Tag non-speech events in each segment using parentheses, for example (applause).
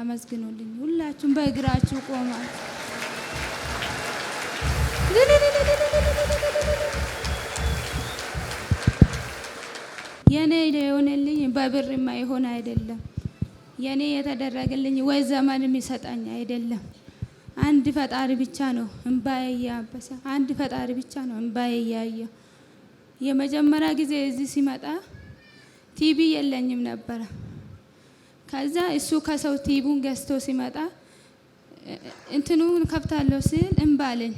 አመስግኑልኝ። ሁላችሁም በእግራችሁ ቆማል። የኔ የሆነልኝ በብርማ የሆነ አይደለም። የኔ የተደረገልኝ ወይ ዘመን የሚሰጠኝ አይደለም። አንድ ፈጣሪ ብቻ ነው እምባዬ እያበሰ አንድ ፈጣሪ ብቻ ነው እምባዬ እያየ የመጀመሪያ ጊዜ እዚህ ሲመጣ ቲቪ የለኝም ነበረ። ከዛ እሱ ከሰው ቲቡን ገዝቶ ሲመጣ እንትኑን ከብታለሁ ሲል እንባልን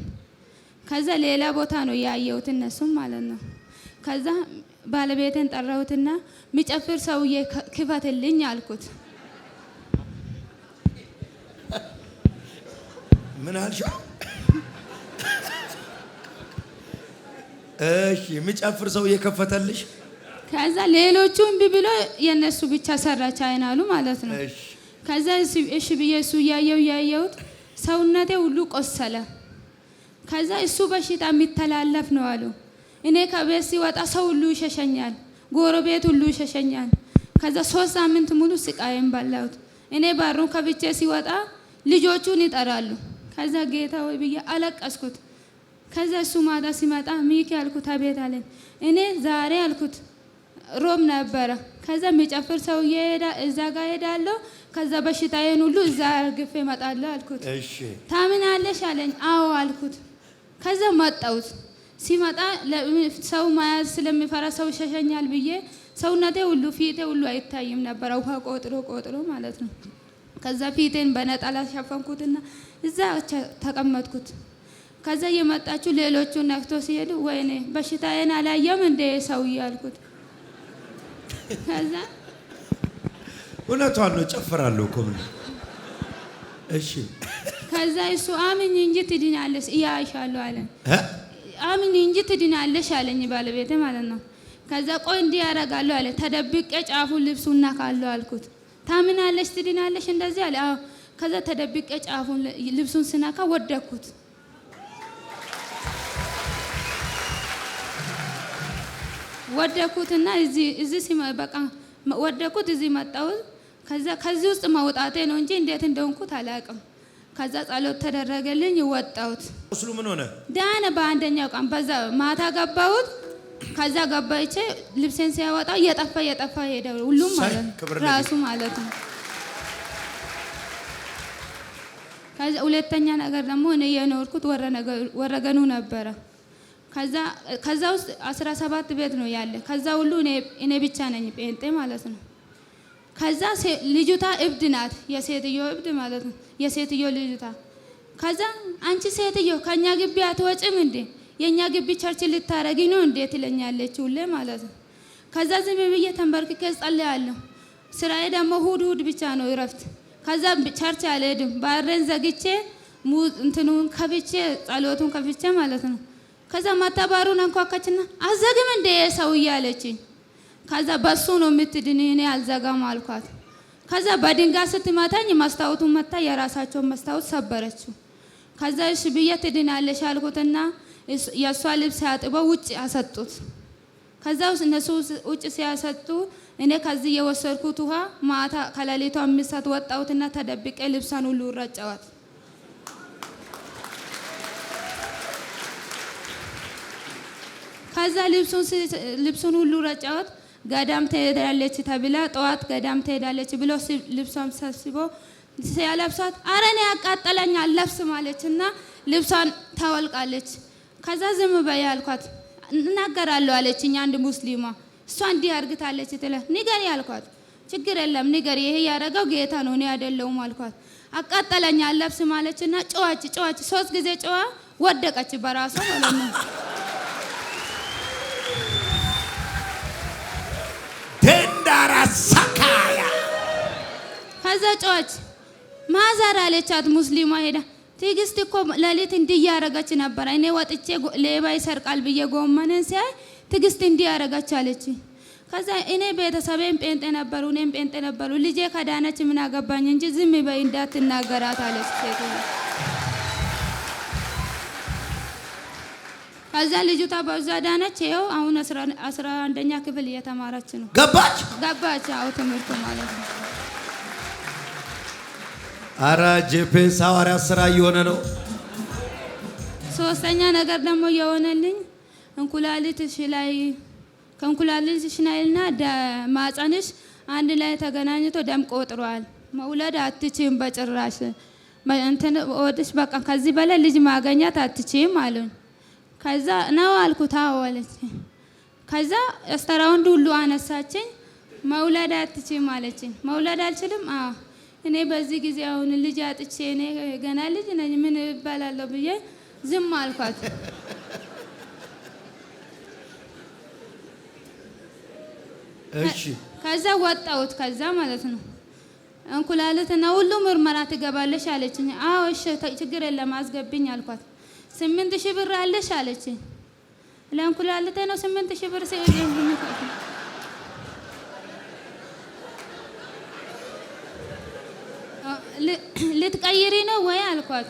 ከዛ ሌላ ቦታ ነው ያየሁት እነሱም ማለት ነው። ከዛ ባለቤትን ጠራሁትና ሚጨፍር ሰውዬ ክፈትልኝ አልኩት። ምን አልሽው? እሺ የሚጨፍር ሰውዬ ከፈተልሽ? ከዛ ሌሎቹ እምቢ ብሎ የነሱ ብቻ ሰራች አይን አሉ ማለት ነው። ከዛ እሺ ብዬ እሱ እያየው እያየውት ሰውነቴ ሁሉ ቆሰለ። ከዛ እሱ በሽታ የሚተላለፍ ነው አሉ። እኔ ከቤት ሲወጣ ሰው ሁሉ ይሸሸኛል፣ ጎረቤት ሁሉ ይሸሸኛል። ከዛ ሶስት ሳምንት ሙሉ ስቃይም ባላሁት እኔ ባሩ ከብቼ ሲወጣ ልጆቹን ይጠራሉ። ከዛ ጌታ ወይ ብዬ አለቀስኩት። ከዛ እሱ ማታ ሲመጣ ሚኪ አልኩት፣ አቤት አለኝ። እኔ ዛሬ አልኩት ሮም ነበረ። ከዛ የሚጨፍር ሰውዬ እዛ ጋር ሄዳለሁ። ከዛ በሽታዬን ሁሉ እዛ ግፌ እመጣለሁ አልኩት። ታምናለሽ አለኝ። አዎ አልኩት። ከዛ መጣሁት። ሲመጣ ሰው መያዝ ስለሚፈራ ሰው ይሸሸኛል ብዬ ሰውነቴ ሁሉ ፊቴ ሁሉ አይታይም ነበረ፣ ውሃ ቆጥሮ ቆጥሮ ማለት ነው። ከዛ ፊቴን በነጠላ ሸፈንኩትና እዛ ተቀመጥኩት። ከዛ እየመጣችሁ ሌሎቹ ነክቶ ሲሄዱ ወይኔ በሽታዬን አላየም እንደ ሰውዬ አልኩት። እውነቷን ነው። ጨፍራለሁ እኮ ምን እሺ። ከዛ እሱ አምኝ እንጂ ትድናለሽ እያይሻለሁ አለኝ። አምኝ እንጂ ትድናለሽ አለኝ ባለቤቴ ማለት ነው። ከዛ ቆይ እንዲህ ያደርጋለሁ አለ። ተደብቄ ጫፉን ልብሱን ነካለሁ አልኩት። ታምናለሽ ትድናለሽ እንደዚህ አለ። ከዛ ተደብቄ ጫፉን ልብሱን ስነካ ወደኩት። ወደኩትና እዚህ በቃ ወደኩት እዚህ መጣሁ። ከዛ ከዚህ ውስጥ መውጣቴ ነው እንጂ እንዴት እንደሆንኩት አላውቅም። ከዛ ጸሎት ተደረገልኝ ወጣሁት። ቁስሉ ምን ሆነ? ዳነ። በአንደኛው ቀን በዛ ማታ ገባሁት። ከዛ ገባይቼ ልብሴን ሲያወጣ እየጠፋ እየጠፋ ሄደ። ሁሉም ማለት ራሱ ማለት ነው። ሁለተኛ ነገር ደግሞ እኔ የኖርኩት ወረገኑ ነበረ ከዛ ውስጥ አስራ ሰባት ቤት ነው ያለ። ከዛ ሁሉ እኔ ብቻ ነኝ ጴንጤ ማለት ነው። ከዛ ልጅቷ እብድ ናት፣ የሴትዮ እብድ ማለት ነው። የሴትዮ ልጅቷ ከዛ አንቺ ሴትዮ ከእኛ ግቢ አትወጭም እንዴ? የእኛ ግቢ ቸርች ልታረጊ ነው እንዴ? ትለኛለች ሁሌ ማለት ነው። ከዛ ዝም ብዬ ተንበርክኬ ጸልያለሁ። ስራዬ ደግሞ እሑድ እሑድ ብቻ ነው እረፍት። ከዛ ቸርች አልሄድም። ባሬን ዘግቼ እንትኑን ከፍቼ ጸሎቱን ከፍቼ ማለት ነው ከዛ ማታባሩን አንኳኳችና አዘግም እንደ ሰው እያለችኝ፣ ከዛ በሱ ነው የምትድን፣ እኔ አልዘጋም አልኳት። ከዛ በድንጋይ ስትመታኝ መስታወቱን መታ፣ የራሳቸውን መስታወት ሰበረችው። ከዛ እሺ ብዬ ትድናለሽ አልኩትና የእሷ ልብስ ያጥበው ውጭ አሰጡት። ከዛ እነሱ ውጭ ሲያሰጡ እኔ ከዚህ የወሰድኩት ውሃ ማታ ከሌሊቷ አምስት ሰዓት ወጣሁትና ተደብቄ ልብሷን ሁሉ ረጨዋት። ከዛ ልብሱን ሁሉ ረጫወት። ገዳም ትሄዳለች ተብላ ጠዋት ገዳም ትሄዳለች ብሎ ልብሷን ሰብስቦ ሲያለብሷት አረ እኔ ያቃጠለኝ አለብስ ማለች እና ልብሷን ታወልቃለች። ከዛ ዝም በይ አልኳት። እናገራለሁ አለችኝ አንድ ሙስሊሟ። እሷ እንዲህ አርግታለች ትለ ንገሪ አልኳት። ችግር የለም ንገሪ፣ ይሄ ያደረገው ጌታ ነው እኔ አይደለሁም አልኳት። አቃጠለኝ አለብስ ማለች እና ጨዋች ጨዋች ሶስት ጊዜ ጨዋ ወደቀች በራሷ ማለት ነው። መዘጮች ማዘር አለቻት። ሙስሊሟ ሄዳ ትግስት እኮ ለሊት እንዲህ እያረገች ነበረ። እኔ ወጥቼ ሌባ ይሰርቃል ብዬ ጎመንን ሲያይ ትግስት እንዲህ ያረገች አለች። ከዛ እኔ ቤተሰቤን ጴንጤ ነበሩ፣ እኔም ጴንጤ ነበሩ። ልጄ ከዳነች ምን አገባኝ እንጂ ዝም በይ እንዳትናገራት አለች ሴትዮ። ከዛ ልጅቷ በዛ ዳነች። ይኸው አሁን አስራ አንደኛ ክፍል እየተማረች ነው። ገባች ገባች። አዎ ትምህርቱ ማለት ነው። አረ ጄፔስ ሐዋርያ ስራ እየሆነ ነው። ሶስተኛ ነገር ደግሞ እየሆነልኝ እንኩላሊትሽ ላይ ከእንኩላሊትሽ ናይልና ማፀንሽ አንድ ላይ ተገናኝቶ ደም ቆጥሯል። መውለድ አትችም በጭራሽ እንትን ወድሽ በቃ ከዚህ በላይ ልጅ ማገኛት አትችም አሉኝ። ከዛ ነው አልኩት አለች። ከዛ እስተራውንድ ሁሉ አነሳችኝ። መውለድ አትችም አለችኝ። መውለድ አልችልም እኔ በዚህ ጊዜ አሁን ልጅ አጥቼ እኔ ገና ልጅ ነኝ ምን እባላለሁ ብዬ ዝም አልኳት። ከዛ ወጣሁት። ከዛ ማለት ነው እንኩላሊትና ሁሉ ምርመራ ትገባለሽ አለችኝ። አዎ እሺ ችግር የለም አስገብኝ አልኳት። ስምንት ሺህ ብር አለሽ አለችኝ። ለእንኩላሊቴ ነው ስምንት ሺህ ብር ልትቀይሪ ነው ወይ አልኳት።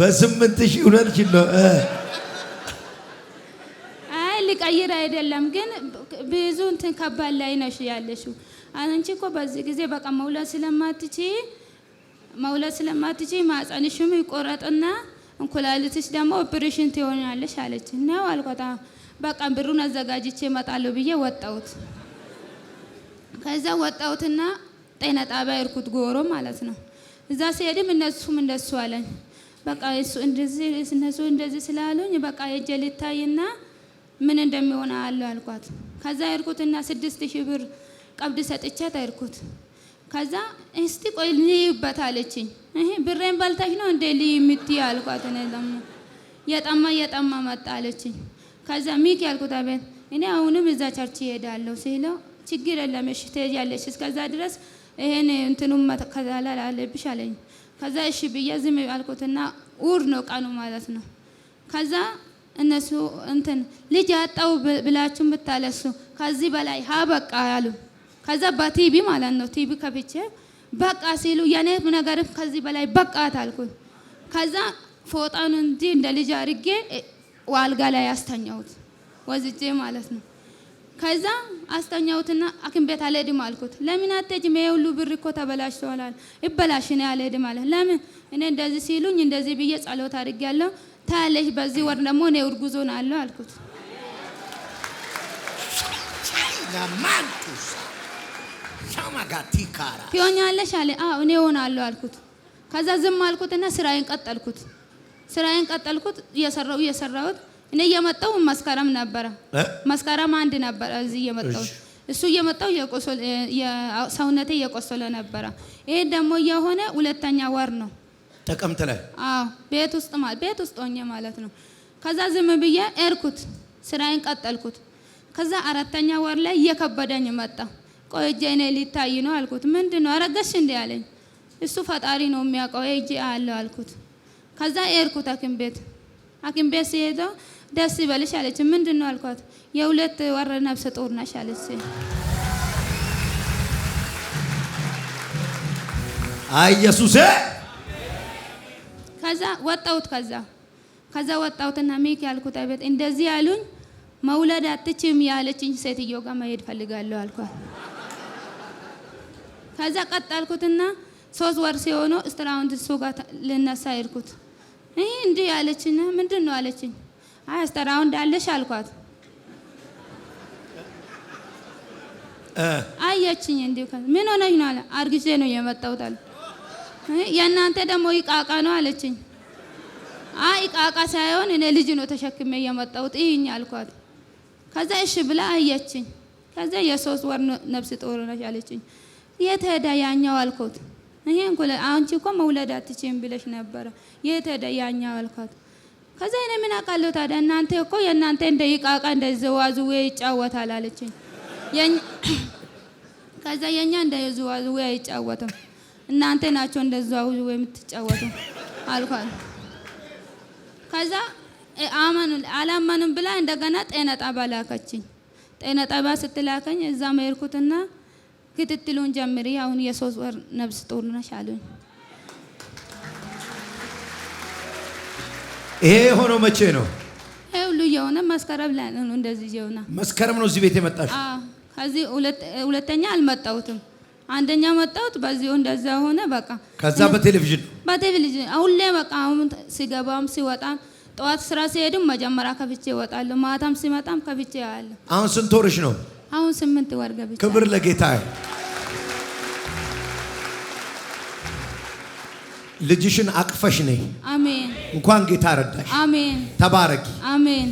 በስምንት ሺህ ሁለት ሺህ ነው። አይ ልቀይር አይደለም ግን ብዙ እንትን ከባድ ላይ ነሽ ያለሽው አንቺ እኮ በዚህ ጊዜ በቃ መውለድ ስለማትችይ መውለድ ስለማትጂ ማህፀንሽም ይቆረጥና እንኩላሊትሽ ደግሞ ኦፕሬሽን ትሆናለሽ አለች። ነው አልኳታ። በቃ ብሩን አዘጋጅቼ እመጣለሁ ብዬ ወጣሁት። ከዛ ወጣሁትና ጤና ጣቢያ እርኩት ጎሮ ማለት ነው። እዛ ሲሄድም እነሱም እንደሱ አለኝ። በቃ እሱ እንደዚህ እነሱ እንደዚህ ስላሉኝ በቃ የጀ ልታይና ምን እንደሚሆን አለ አልኳት። ከዛ እርኩትና ስድስት ሺህ ብር ቀብድ ሰጥቻት እርኩት ከዛ እስቲ ቆይ ልይበት አለችኝ። ይሄ ብሬን በልታች ነው እንዴ ልይ የምት አልኳት። እኔ ደግሞ የጠማ የጠማ መጣ አለችኝ። ከዛ ሚክ ያልኩት አቤት፣ እኔ አሁንም እዛ ቸርች ይሄዳለሁ ሲለው ችግር የለም እሺ ትሄጃለሽ፣ እስከዛ ድረስ ይሄን እንትኑም መከላል አለብሽ አለኝ። ከዛ እሺ ብዬ ዝም አልኩትና እሑድ ነው ቀኑ ማለት ነው። ከዛ እነሱ እንትን ልጅ አጣው ብላችሁ ብታለሱ ከዚህ በላይ ሀ በቃ አሉ። ከዛ በቲቪ ማለት ነው ቲቪ ከፍቼ በቃ ሲሉ የኔ ነገር ከዚህ በላይ በቃ ታልኩኝ። ከዛ ፎጣኑ እንጂ እንደ ልጅ አድርጌ ዋልጋ ላይ አስተኛሁት ወዝጄ ማለት ነው። ከዛ አስተኛሁትና ሐኪም ቤት አልሄድም አልኩት። ለምን አትሄጂም? ይሄ ሁሉ ብር እኮ ተበላሽቷል። ይበላሽ እኔ አልሄድም አለ። ለምን? እኔ እንደዚህ ሲሉኝ እንደዚህ ብዬ ጸሎት ያለው ታያለሽ፣ በዚህ ወር ደግሞ እኔ እርጉዝ አለው አልኩት። ለማንኩሳ ትሆኛለሽ አለ። አዎ እኔ እሆናለሁ አልኩት። ከዛ ዝም አልኩትና ስራዬን ቀጠልኩት። ስራዬን ቀጠልኩት እየሰራሁ እየሰራሁት እኔ እየመጣሁ መስከረም ነበረ። መስከረም አንድ ነበረ እዚህ እየመጣሁ እሱ እየመጣው ሰውነቴ እየቆሰለ ነበረ። ይሄ ደግሞ የሆነ ሁለተኛ ወር ነው ጥቅምት ላይ አዎ፣ ቤት ውስጥ ቤት ውስጥ ሆኜ ማለት ነው። ከዛ ዝም ብዬ ኤርኩት ስራዬን ቀጠልኩት። ከዛ አራተኛ ወር ላይ እየከበደኝ መጣ። ቆይ እጄ እኔ ሊታይ ነው አልኩት። ምንድን ነው አረገሽ እንዴ አለኝ። እሱ ፈጣሪ ነው የሚያውቀው እጄ አለው አልኩት። ከዛ ኤርኩት ሐኪም ቤት ሐኪም ቤት ሲሄደ ደስ ይበልሽ አለች። ምንድን ነው አልኳት። የሁለት ወር ነፍሰ ጡር ነሽ አለች። ኢየሱሴ ከዛ ወጣሁት። ከዛ ከዛ ወጣሁትና ሚክ ያልኩት ቤት እንደዚህ ያሉኝ መውለድ አትችም ያለችኝ ሴትዮ ጋር መሄድ ፈልጋለሁ አልኳት። ከዛ ቀጣልኩትና ሶስት ወር ሲሆኑ ስትራውንድ እሱ ጋር ልነሳ ሄድኩት። ይህ እንዲህ ያለችኝ ምንድን ነው አለችኝ። አይ ስትራውንድ አለሽ አልኳት። አየችኝ እንዲ ምን ሆነች ነው አለ። አርግዤ ነው የመጣሁት አለ። የእናንተ ደግሞ ይቃቃ ነው አለችኝ። አይ ይቃቃ ሳይሆን እኔ ልጅ ነው ተሸክሜ የመጣሁት ይህኝ አልኳት። ከዛ እሺ ብላ አየችኝ። ከዛ የሶስት ወር ነብስ ጡር ነች አለችኝ። የት ሄደ ያኛው አልኮት። ይሄን ኩለ አንቺ እኮ መውለድ አትችይም ብለሽ ነበረ። የት ሄደ ያኛው አልኮት። ከዛ እኔ ምን አውቃለሁ ታዲያ እናንተ እኮ የእናንተ እንደ ይቃቃ እንደ ዝዋዝዌ ይጫወታል አለችኝ። (coughs) ከዛ የኛ እንደ ዝዋዝዌ አይጫወትም እናንተ ናቸው እንደ ዝዋዝዌ የምትጫወቱ አልኳል። ከዛ አመኑ አላመኑም ብላ እንደገና ጤና ጣባ ላከችኝ። ጤና ጣባ ስትላከኝ እዛ መሄድኩትና ክትትሉን ጀምሪ። አሁን የሶስት ወር ነብስ ጡር ነሽ አሉኝ። ይሄ የሆነው መቼ ነው? ይሄ ሁሉ የሆነ መስከረም ላይ ነው። እንደዚህ የሆነ መስከረም ነው እዚህ ቤት የመጣሽ? ከዚህ ሁለተኛ አልመጣሁትም። አንደኛ መጣሁት በዚሁ እንደዛ ሆነ። በቃ ከዛ በቴሌቪዥን በቴሌቪዥን ሁሌ በቃ አሁን ሲገባም ሲወጣም ጠዋት ስራ ሲሄድም መጀመሪያ ከፍቼ ይወጣለሁ። ማታም ሲመጣም ከፍቼ ያለሁ። አሁን ስንት ወርሽ ነው? አሁን ስምንት ወር ገብቼ። ክብር ለጌታ። ልጅሽን አቅፈሽ ነይ። አሜን። እንኳን ጌታ ረዳሽ። አሜን። ተባረኪ። አሜን።